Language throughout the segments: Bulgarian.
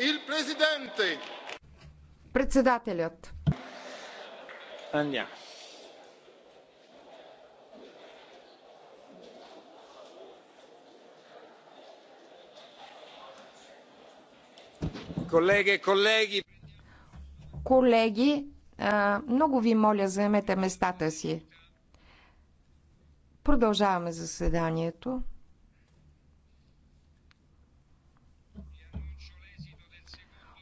Il Presidente. Председателят. Andiamo. E колеги, колеги. Колеги, много ви моля, заемете местата си. Продължаваме заседанието.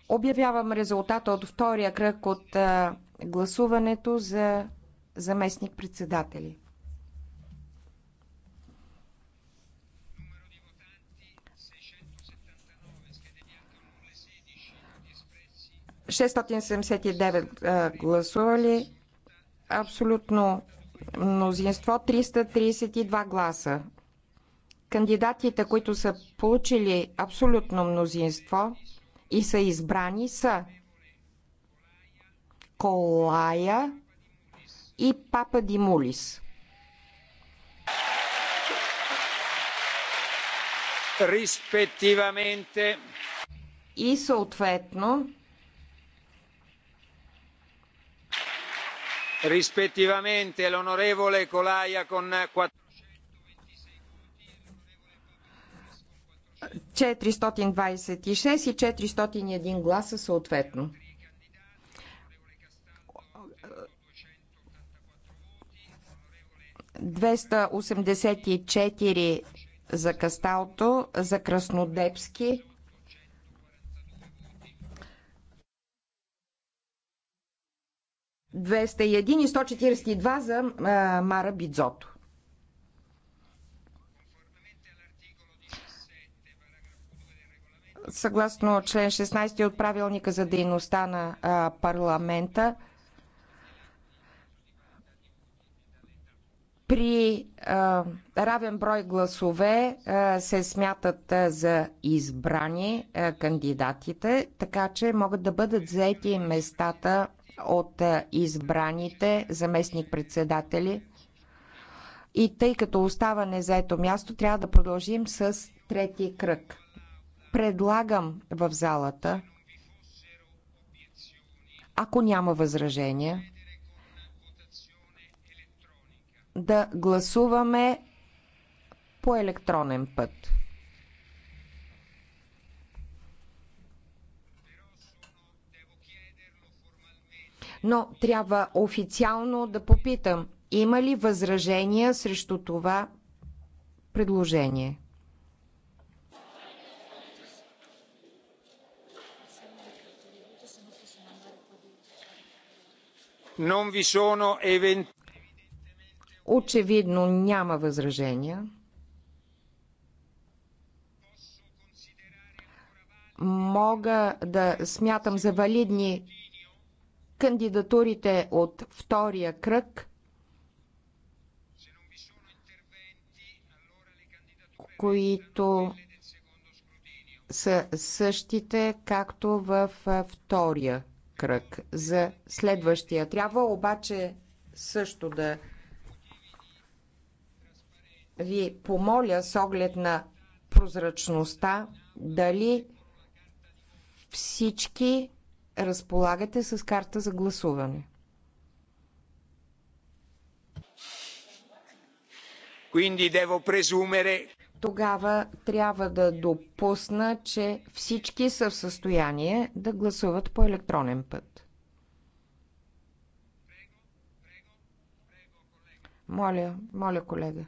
Обявявам резултата от втория кръг от гласуването за заместник-председатели. Шестстотин гласували, абсолютно мнозинство 332 гласа. Кандидатите, които са получили абсолютно мнозинство, и са избрани са Колая и Папа Димулис. Респективаменте. И съответно Респективаменте л'онореволе Колая con 426 и 401 гласа съответно. Двеста за Касталто, за Краснодепски. Двеста и 142 за Мара Бидзото. съгласно член 16 от правилника за дейността на парламента, при равен брой гласове се смятат за избрани кандидатите, така че могат да бъдат заети местата от избраните заместник-председатели. И тъй като остава незаето място, трябва да продължим с трети кръг предлагам в залата, ако няма възражения, да гласуваме по електронен път. Но трябва официално да попитам, има ли възражения срещу това предложение? Очевидно няма възражения. Мога да смятам за валидни кандидатурите от втория кръг. които са същите, както във втория кръг, за следващия. Трябва обаче също да ви помоля с оглед на прозрачността дали всички разполагате с карта за гласуване. Quindi devo presumere тогава трябва да допусна, че всички са в състояние да гласуват по електронен път. Моля, моля, колега.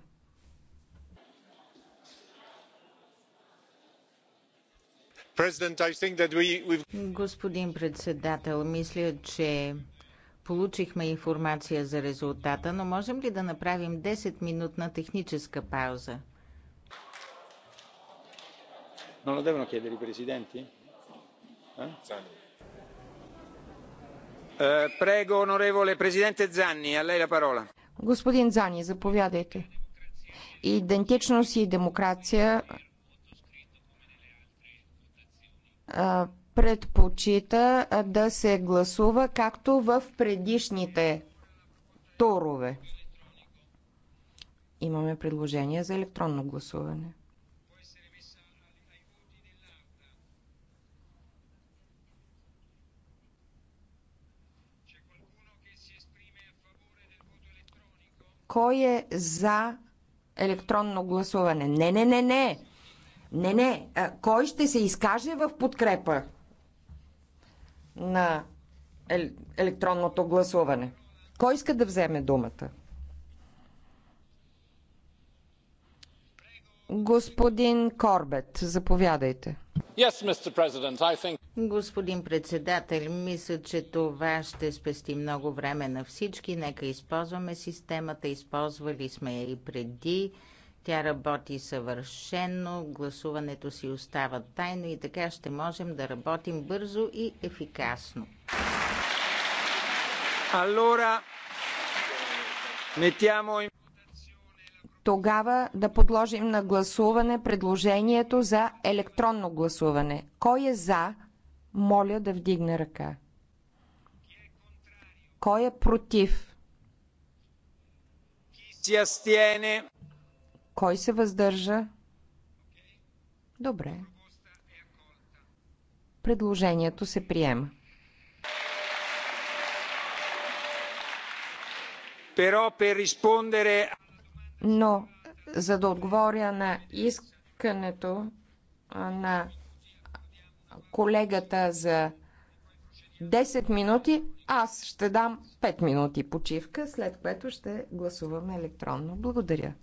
Господин председател, мисля, че получихме информация за резултата, но можем ли да направим 10-минутна техническа пауза? non lo devono chiedere i presidenti? Eh? Eh, prego, onorevole presidente Zanni, a lei la parola. Господин Зани, заповядайте. Идентичност и демокрация предпочита да се гласува както в предишните торове Имаме предложение за електронно гласуване. Кой е за електронно гласуване? Не, не, не, не. Не, не. Кой ще се изкаже в подкрепа на електронното гласуване? Кой иска да вземе думата? Господин Корбет, заповядайте. Господин председател, мисля, че това ще спести много време на всички. Нека използваме системата. Използвали сме я и преди. Тя работи съвършенно, гласуването си остава тайно и така ще можем да работим бързо и ефикасно. Allora, mettiamo in тогава да подложим на гласуване предложението за електронно гласуване. Кой е за? Моля да вдигне ръка. Кой е против? Кой се въздържа? Добре. Предложението се приема. Però per rispondere но за да отговоря на искането на колегата за 10 минути, аз ще дам 5 минути почивка, след което ще гласуваме електронно. Благодаря.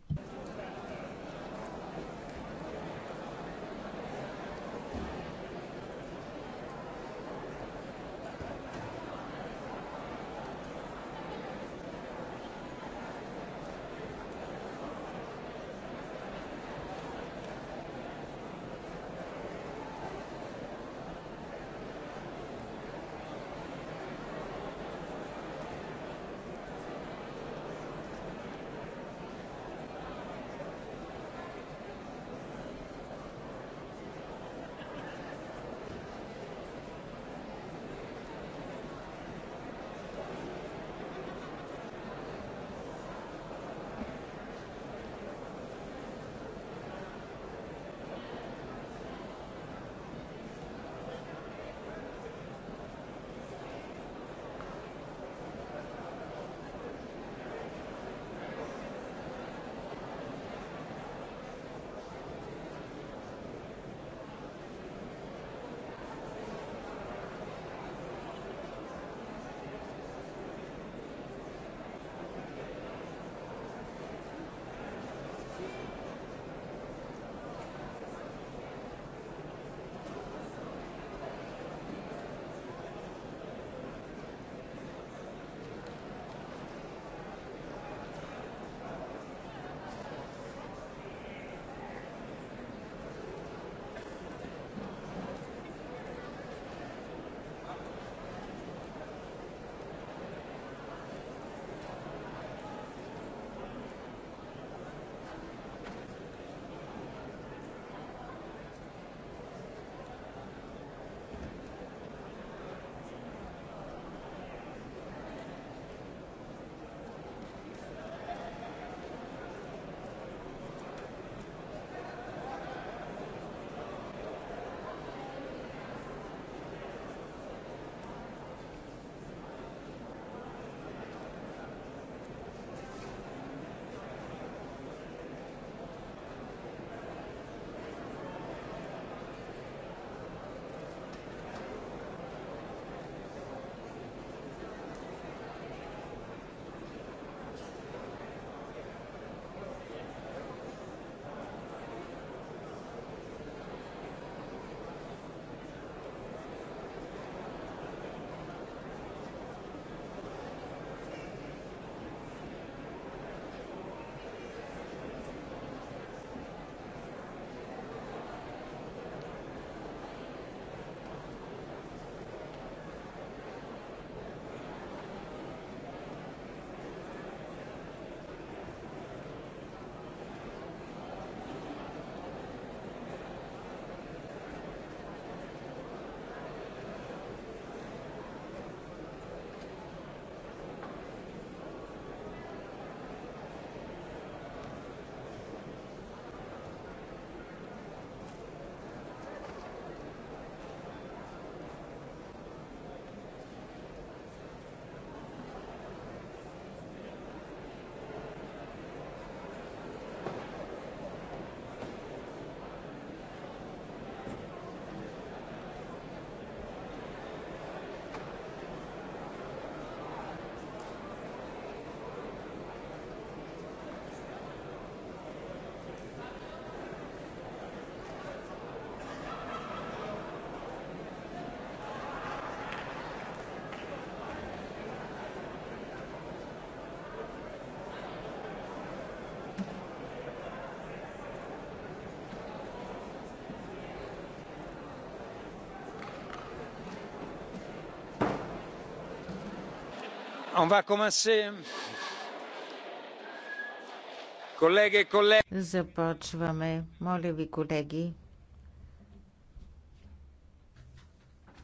Започваме. Моля ви, колеги.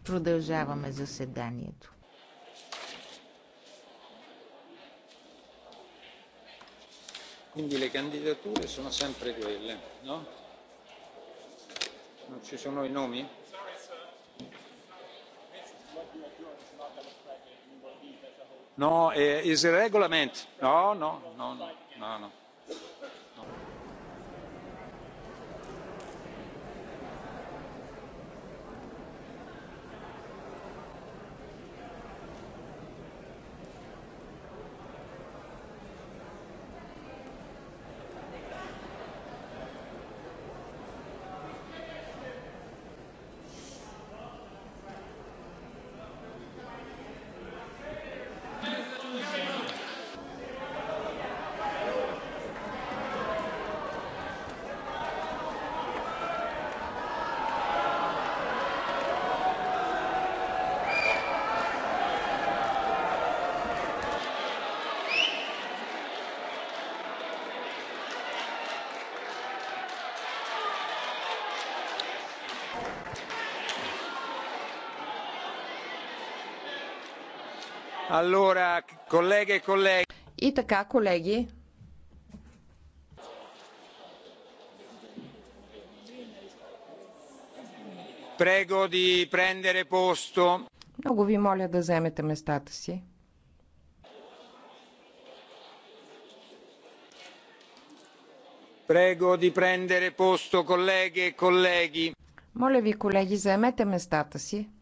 Продължаваме заседанието. Quindi le candidature sono sempre quelle, no? Non ci sono i nomi? no is a No, no no no no no Allora, e colleghi. И така, колеги. Prego di prendere posto. Много ви моля да вземете местата си. Prego di prendere posto, colleghe e colleghi. Моля ви, колеги, заемете местата си.